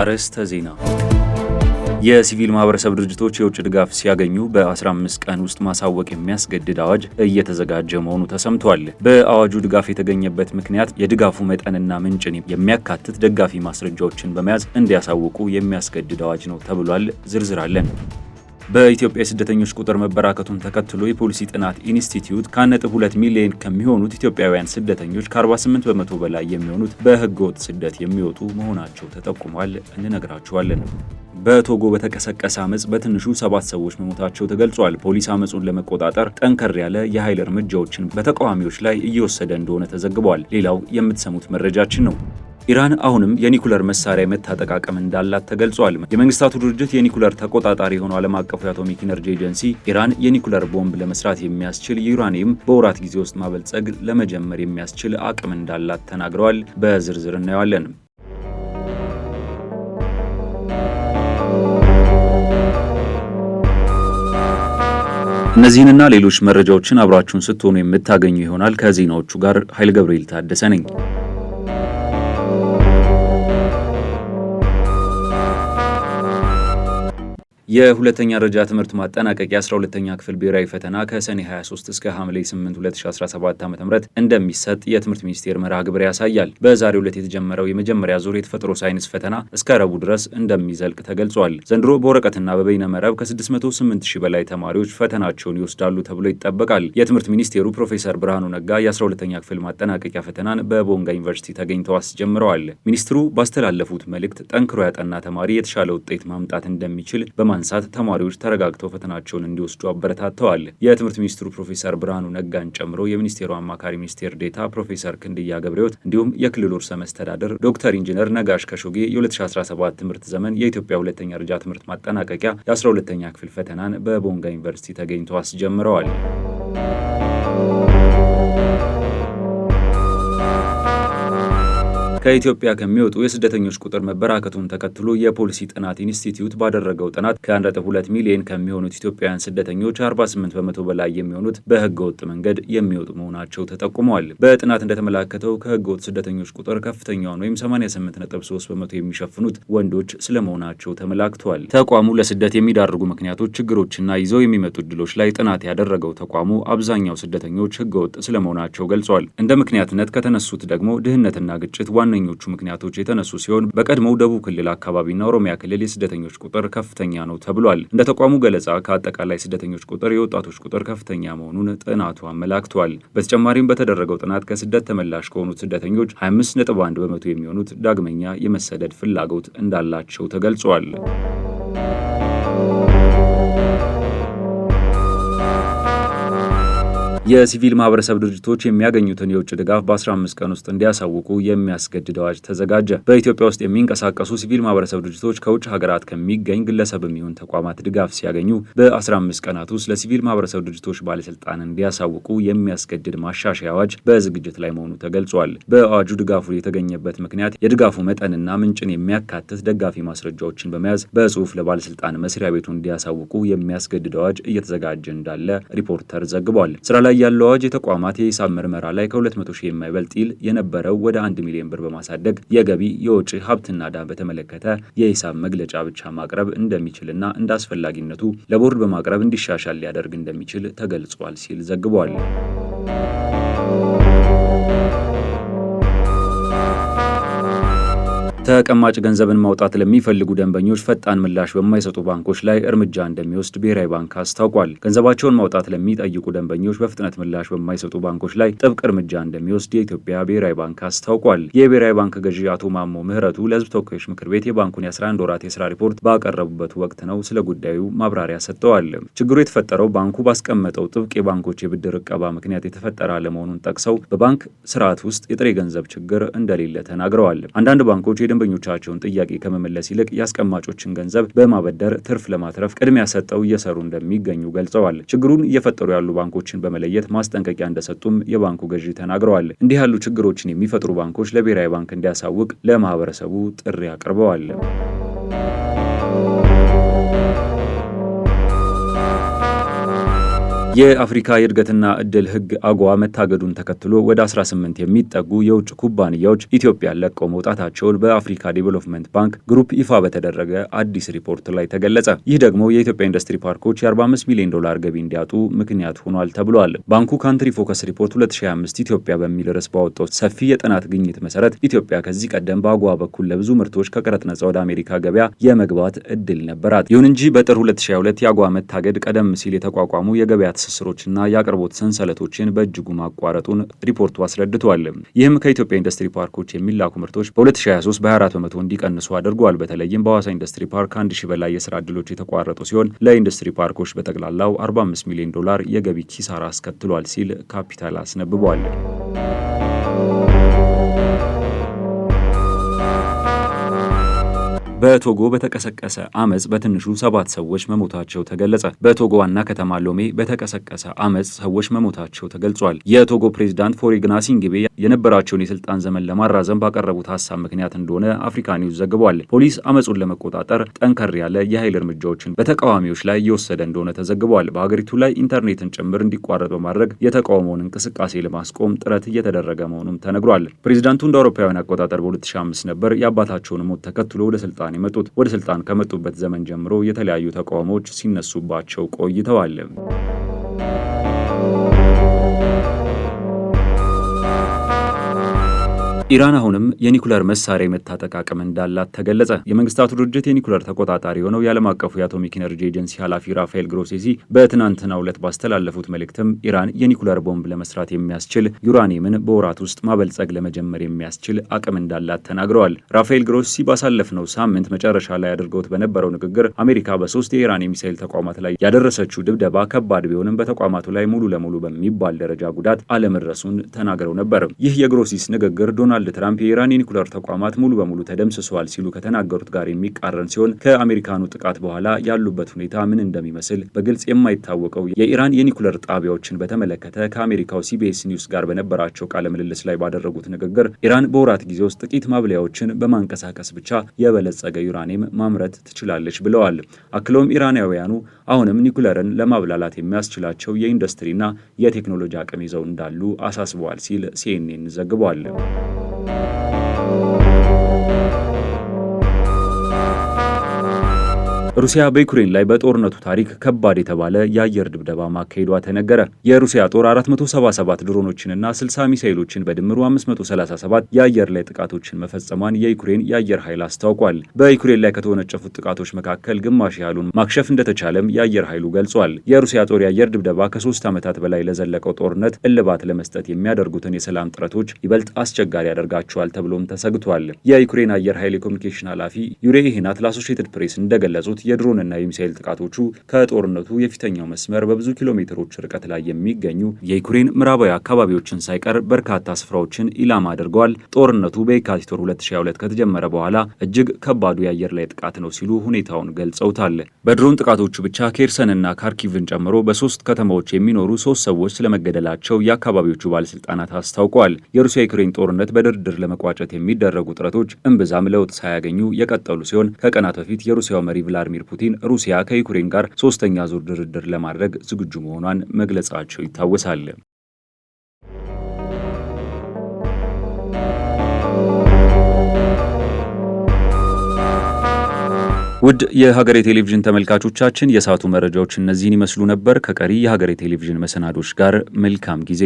አርዕስተ ዜና። የሲቪል ማህበረሰብ ድርጅቶች የውጭ ድጋፍ ሲያገኙ በ15 ቀን ውስጥ ማሳወቅ የሚያስገድድ አዋጅ እየተዘጋጀ መሆኑ ተሰምቷል። በአዋጁ ድጋፍ የተገኘበት ምክንያት የድጋፉ መጠንና ምንጭን የሚያካትት ደጋፊ ማስረጃዎችን በመያዝ እንዲያሳውቁ የሚያስገድድ አዋጅ ነው ተብሏል። ዝርዝር አለን። በኢትዮጵያ የስደተኞች ቁጥር መበራከቱን ተከትሎ የፖሊሲ ጥናት ኢንስቲትዩት ከ1.2 ሚሊዮን ከሚሆኑት ኢትዮጵያውያን ስደተኞች ከ48 በመቶ በላይ የሚሆኑት በህገወጥ ስደት የሚወጡ መሆናቸው ተጠቁሟል። እንነግራችኋለን። በቶጎ በተቀሰቀሰ አመፅ በትንሹ ሰባት ሰዎች መሞታቸው ተገልጿል። ፖሊስ አመፁን ለመቆጣጠር ጠንከር ያለ የኃይል እርምጃዎችን በተቃዋሚዎች ላይ እየወሰደ እንደሆነ ተዘግቧል። ሌላው የምትሰሙት መረጃችን ነው። ኢራን አሁንም የኒኩለር መሳሪያ የመታጠቅ አቅም እንዳላት ተገልጿል። የመንግስታቱ ድርጅት የኒኩለር ተቆጣጣሪ የሆነው ዓለም አቀፉ የአቶሚክ ኢነርጂ ኤጀንሲ ኢራን የኒኩለር ቦምብ ለመስራት የሚያስችል ዩራኒየም በወራት ጊዜ ውስጥ ማበልጸግ ለመጀመር የሚያስችል አቅም እንዳላት ተናግረዋል። በዝርዝር እናየዋለን። እነዚህንና ሌሎች መረጃዎችን አብራችሁን ስትሆኑ የምታገኙ ይሆናል። ከዜናዎቹ ጋር ኃይል ገብርኤል ታደሰ ነኝ። የሁለተኛ ደረጃ ትምህርት ማጠናቀቂያ 12ተኛ ክፍል ብሔራዊ ፈተና ከሰኔ 23 እስከ ሐምሌ 8 2017 ዓ ም እንደሚሰጥ የትምህርት ሚኒስቴር መርሃ ግብር ያሳያል። በዛሬው ዕለት የተጀመረው የመጀመሪያ ዙር የተፈጥሮ ሳይንስ ፈተና እስከ ረቡዕ ድረስ እንደሚዘልቅ ተገልጿል። ዘንድሮ በወረቀትና በበይነ መረብ ከ608 ሺህ በላይ ተማሪዎች ፈተናቸውን ይወስዳሉ ተብሎ ይጠበቃል። የትምህርት ሚኒስቴሩ ፕሮፌሰር ብርሃኑ ነጋ የ12ተኛ ክፍል ማጠናቀቂያ ፈተናን በቦንጋ ዩኒቨርሲቲ ተገኝተው አስጀምረዋል። ሚኒስትሩ ባስተላለፉት መልእክት ጠንክሮ ያጠና ተማሪ የተሻለ ውጤት ማምጣት እንደሚችል በማ በማንሳት ተማሪዎች ተረጋግተው ፈተናቸውን እንዲወስዱ አበረታተዋል። የትምህርት ሚኒስትሩ ፕሮፌሰር ብርሃኑ ነጋን ጨምሮ የሚኒስቴሩ አማካሪ ሚኒስቴር ዴታ ፕሮፌሰር ክንድያ ገብረሕይወት እንዲሁም የክልሉ ርዕሰ መስተዳደር ዶክተር ኢንጂነር ነጋሽ ከሾጌ የ2017 ትምህርት ዘመን የኢትዮጵያ ሁለተኛ ደረጃ ትምህርት ማጠናቀቂያ የ12ኛ ክፍል ፈተናን በቦንጋ ዩኒቨርሲቲ ተገኝተው አስጀምረዋል። ከኢትዮጵያ ከሚወጡ የስደተኞች ቁጥር መበራከቱን ተከትሎ የፖሊሲ ጥናት ኢንስቲትዩት ባደረገው ጥናት ከ1.2 ሚሊዮን ከሚሆኑት ኢትዮጵያውያን ስደተኞች 48 በመቶ በላይ የሚሆኑት በህገወጥ መንገድ የሚወጡ መሆናቸው ተጠቁመዋል። በጥናት እንደተመላከተው ከህገወጥ ስደተኞች ቁጥር ከፍተኛውን ወይም 88.3 በመቶ የሚሸፍኑት ወንዶች ስለመሆናቸው ተመላክቷል። ተቋሙ ለስደት የሚዳርጉ ምክንያቶች፣ ችግሮችና ይዘው የሚመጡ እድሎች ላይ ጥናት ያደረገው ተቋሙ አብዛኛው ስደተኞች ህገወጥ ስለመሆናቸው ገልጿል። እንደ ምክንያትነት ከተነሱት ደግሞ ድህነትና ግጭት ዋና ከዋነኞቹ ምክንያቶች የተነሱ ሲሆን በቀድሞው ደቡብ ክልል አካባቢና ኦሮሚያ ክልል የስደተኞች ቁጥር ከፍተኛ ነው ተብሏል። እንደ ተቋሙ ገለጻ ከአጠቃላይ ስደተኞች ቁጥር የወጣቶች ቁጥር ከፍተኛ መሆኑን ጥናቱ አመላክቷል። በተጨማሪም በተደረገው ጥናት ከስደት ተመላሽ ከሆኑት ስደተኞች 25.1 በመቶ የሚሆኑት ዳግመኛ የመሰደድ ፍላጎት እንዳላቸው ተገልጿል። የሲቪል ማህበረሰብ ድርጅቶች የሚያገኙትን የውጭ ድጋፍ በ15 ቀን ውስጥ እንዲያሳውቁ የሚያስገድድ አዋጅ ተዘጋጀ። በኢትዮጵያ ውስጥ የሚንቀሳቀሱ ሲቪል ማህበረሰብ ድርጅቶች ከውጭ ሀገራት ከሚገኝ ግለሰብ የሚሆን ተቋማት ድጋፍ ሲያገኙ በ15 ቀናት ውስጥ ለሲቪል ማህበረሰብ ድርጅቶች ባለስልጣን እንዲያሳውቁ የሚያስገድድ ማሻሻያ አዋጅ በዝግጅት ላይ መሆኑ ተገልጿል። በአዋጁ ድጋፉ የተገኘበት ምክንያት የድጋፉ መጠንና ምንጭን የሚያካትት ደጋፊ ማስረጃዎችን በመያዝ በጽሁፍ ለባለስልጣን መስሪያ ቤቱ እንዲያሳውቁ የሚያስገድድ አዋጅ እየተዘጋጀ እንዳለ ሪፖርተር ዘግቧል። ስራ ላይ ያለው አዋጅ የተቋማት የሂሳብ ምርመራ ላይ ከ200 ሺህ የማይበልጥ ይል የነበረው ወደ 1 ሚሊዮን ብር በማሳደግ የገቢ የውጭ ሀብትና ዕዳ በተመለከተ የሂሳብ መግለጫ ብቻ ማቅረብ እንደሚችልና እንደ አስፈላጊነቱ ለቦርድ በማቅረብ እንዲሻሻል ሊያደርግ እንደሚችል ተገልጿል ሲል ዘግቧል። ተቀማጭ ገንዘብን ማውጣት ለሚፈልጉ ደንበኞች ፈጣን ምላሽ በማይሰጡ ባንኮች ላይ እርምጃ እንደሚወስድ ብሔራዊ ባንክ አስታውቋል። ገንዘባቸውን ማውጣት ለሚጠይቁ ደንበኞች በፍጥነት ምላሽ በማይሰጡ ባንኮች ላይ ጥብቅ እርምጃ እንደሚወስድ የኢትዮጵያ ብሔራዊ ባንክ አስታውቋል። የብሔራዊ ባንክ ገዢ አቶ ማሞ ምህረቱ ለሕዝብ ተወካዮች ምክር ቤት የባንኩን የ11 ወራት የስራ ሪፖርት ባቀረቡበት ወቅት ነው ስለ ጉዳዩ ማብራሪያ ሰጥተዋል። ችግሩ የተፈጠረው ባንኩ ባስቀመጠው ጥብቅ የባንኮች የብድር እቀባ ምክንያት የተፈጠረ አለመሆኑን ጠቅሰው በባንክ ስርዓት ውስጥ የጥሬ ገንዘብ ችግር እንደሌለ ተናግረዋል። አንዳንድ ባንኮች የድን የደንበኞቻቸውን ጥያቄ ከመመለስ ይልቅ የአስቀማጮችን ገንዘብ በማበደር ትርፍ ለማትረፍ ቅድሚያ ሰጠው እየሰሩ እንደሚገኙ ገልጸዋል። ችግሩን እየፈጠሩ ያሉ ባንኮችን በመለየት ማስጠንቀቂያ እንደሰጡም የባንኩ ገዢ ተናግረዋል። እንዲህ ያሉ ችግሮችን የሚፈጥሩ ባንኮች ለብሔራዊ ባንክ እንዲያሳውቅ ለማህበረሰቡ ጥሪ አቅርበዋል። የአፍሪካ የእድገትና እድል ህግ አጓ መታገዱን ተከትሎ ወደ 18 የሚጠጉ የውጭ ኩባንያዎች ኢትዮጵያን ለቀው መውጣታቸውን በአፍሪካ ዲቨሎፕመንት ባንክ ግሩፕ ይፋ በተደረገ አዲስ ሪፖርት ላይ ተገለጸ። ይህ ደግሞ የኢትዮጵያ ኢንዱስትሪ ፓርኮች የ45 ሚሊዮን ዶላር ገቢ እንዲያጡ ምክንያት ሆኗል ተብሏል። ባንኩ ካንትሪ ፎከስ ሪፖርት 2025 ኢትዮጵያ በሚል ርዕስ ባወጣው ሰፊ የጥናት ግኝት መሰረት ኢትዮጵያ ከዚህ ቀደም በአጓ በኩል ለብዙ ምርቶች ከቀረጥ ነጻ ወደ አሜሪካ ገበያ የመግባት እድል ነበራት። ይሁን እንጂ በጥር 2022 የአጓ መታገድ ቀደም ሲል የተቋቋሙ የገበያ ትስስሮችና የአቅርቦት ሰንሰለቶችን በእጅጉ ማቋረጡን ሪፖርቱ አስረድቷል። ይህም ከኢትዮጵያ ኢንዱስትሪ ፓርኮች የሚላኩ ምርቶች በ2023 በ24 በመቶ እንዲቀንሱ አድርጓል። በተለይም በሐዋሳ ኢንዱስትሪ ፓርክ ሺህ በላይ የስራ ዕድሎች የተቋረጡ ሲሆን ለኢንዱስትሪ ፓርኮች በጠቅላላው 45 ሚሊዮን ዶላር የገቢ ኪሳራ አስከትሏል ሲል ካፒታል አስነብቧል። በቶጎ በተቀሰቀሰ አመፅ በትንሹ ሰባት ሰዎች መሞታቸው ተገለጸ። በቶጎ ዋና ከተማ ሎሜ በተቀሰቀሰ አመፅ ሰዎች መሞታቸው ተገልጿል። የቶጎ ፕሬዚዳንት ፎሪግና ሲንግቤ የነበራቸውን የስልጣን ዘመን ለማራዘም ባቀረቡት ሀሳብ ምክንያት እንደሆነ አፍሪካ ኒውስ ዘግቧል። ፖሊስ አመፁን ለመቆጣጠር ጠንከር ያለ የኃይል እርምጃዎችን በተቃዋሚዎች ላይ እየወሰደ እንደሆነ ተዘግቧል። በሀገሪቱ ላይ ኢንተርኔትን ጭምር እንዲቋረጥ በማድረግ የተቃውሞውን እንቅስቃሴ ለማስቆም ጥረት እየተደረገ መሆኑም ተነግሯል። ፕሬዚዳንቱ እንደ አውሮፓውያን አቆጣጠር በ2005 ነበር የአባታቸውን ሞት ተከትሎ ወደ ስልጣን የመጡት። ወደ ስልጣን ከመጡበት ዘመን ጀምሮ የተለያዩ ተቃውሞዎች ሲነሱባቸው ቆይተዋል። ኢራን አሁንም የኒኩለር መሳሪያ የመታጠቅ አቅም እንዳላት ተገለጸ። የመንግስታቱ ድርጅት የኒኩለር ተቆጣጣሪ የሆነው የዓለም አቀፉ የአቶሚክ ኤነርጂ ኤጀንሲ ኃላፊ ራፋኤል ግሮሴሲ በትናንትናው ዕለት ባስተላለፉት መልእክትም ኢራን የኒኩለር ቦምብ ለመስራት የሚያስችል ዩራኒየምን በወራት ውስጥ ማበልጸግ ለመጀመር የሚያስችል አቅም እንዳላት ተናግረዋል። ራፋኤል ግሮሲ ባሳለፍነው ሳምንት መጨረሻ ላይ አድርገውት በነበረው ንግግር አሜሪካ በሶስት የኢራን የሚሳይል ተቋማት ላይ ያደረሰችው ድብደባ ከባድ ቢሆንም በተቋማቱ ላይ ሙሉ ለሙሉ በሚባል ደረጃ ጉዳት አለመድረሱን ተናግረው ነበር። ይህ የግሮሲስ ንግግር ዶናልድ ዶናልድ ትራምፕ የኢራን የኒኩለር ተቋማት ሙሉ በሙሉ ተደምስሰዋል ሲሉ ከተናገሩት ጋር የሚቃረን ሲሆን ከአሜሪካኑ ጥቃት በኋላ ያሉበት ሁኔታ ምን እንደሚመስል በግልጽ የማይታወቀው የኢራን የኒኩለር ጣቢያዎችን በተመለከተ ከአሜሪካው ሲቢኤስ ኒውስ ጋር በነበራቸው ቃለ ምልልስ ላይ ባደረጉት ንግግር ኢራን በወራት ጊዜ ውስጥ ጥቂት ማብለያዎችን በማንቀሳቀስ ብቻ የበለጸገ ዩራኒየም ማምረት ትችላለች ብለዋል። አክለውም ኢራናውያኑ አሁንም ኒኩለርን ለማብላላት የሚያስችላቸው የኢንዱስትሪና የቴክኖሎጂ አቅም ይዘው እንዳሉ አሳስበዋል ሲል ሲኤንኤን ዘግቧል። ሩሲያ በዩክሬን ላይ በጦርነቱ ታሪክ ከባድ የተባለ የአየር ድብደባ ማካሄዷ ተነገረ። የሩሲያ ጦር 477 ድሮኖችንና 60 ሚሳይሎችን በድምሩ 537 የአየር ላይ ጥቃቶችን መፈጸሟን የዩክሬን የአየር ኃይል አስታውቋል። በዩክሬን ላይ ከተወነጨፉት ጥቃቶች መካከል ግማሽ ያህሉን ማክሸፍ እንደተቻለም የአየር ኃይሉ ገልጿል። የሩሲያ ጦር የአየር ድብደባ ከሶስት ዓመታት በላይ ለዘለቀው ጦርነት እልባት ለመስጠት የሚያደርጉትን የሰላም ጥረቶች ይበልጥ አስቸጋሪ ያደርጋቸዋል ተብሎም ተሰግቷል። የዩክሬን አየር ኃይል የኮሚኒኬሽን ኃላፊ ዩሬ ኢህናት ለአሶሺየትድ ፕሬስ እንደገለጹት የድሮንና የሚሳይል ጥቃቶቹ ከጦርነቱ የፊተኛው መስመር በብዙ ኪሎ ሜትሮች ርቀት ላይ የሚገኙ የዩክሬን ምዕራባዊ አካባቢዎችን ሳይቀር በርካታ ስፍራዎችን ኢላማ አድርገዋል። ጦርነቱ በየካቲት ወር 2022 ከተጀመረ በኋላ እጅግ ከባዱ የአየር ላይ ጥቃት ነው ሲሉ ሁኔታውን ገልጸውታል። በድሮን ጥቃቶቹ ብቻ ኬርሰንና ካርኪቭን ጨምሮ በሶስት ከተማዎች የሚኖሩ ሶስት ሰዎች ስለመገደላቸው የአካባቢዎቹ ባለስልጣናት አስታውቋል። የሩሲያ ዩክሬን ጦርነት በድርድር ለመቋጨት የሚደረጉ ጥረቶች እምብዛም ለውጥ ሳያገኙ የቀጠሉ ሲሆን ከቀናት በፊት የሩሲያው መሪ ቭላድሚር ቭላዲሚር ፑቲን ሩሲያ ከዩክሬን ጋር ሶስተኛ ዙር ድርድር ለማድረግ ዝግጁ መሆኗን መግለጻቸው ይታወሳል። ውድ የሀገሬ ቴሌቪዥን ተመልካቾቻችን የሰዓቱ መረጃዎች እነዚህን ይመስሉ ነበር። ከቀሪ የሀገሬ ቴሌቪዥን መሰናዶች ጋር መልካም ጊዜ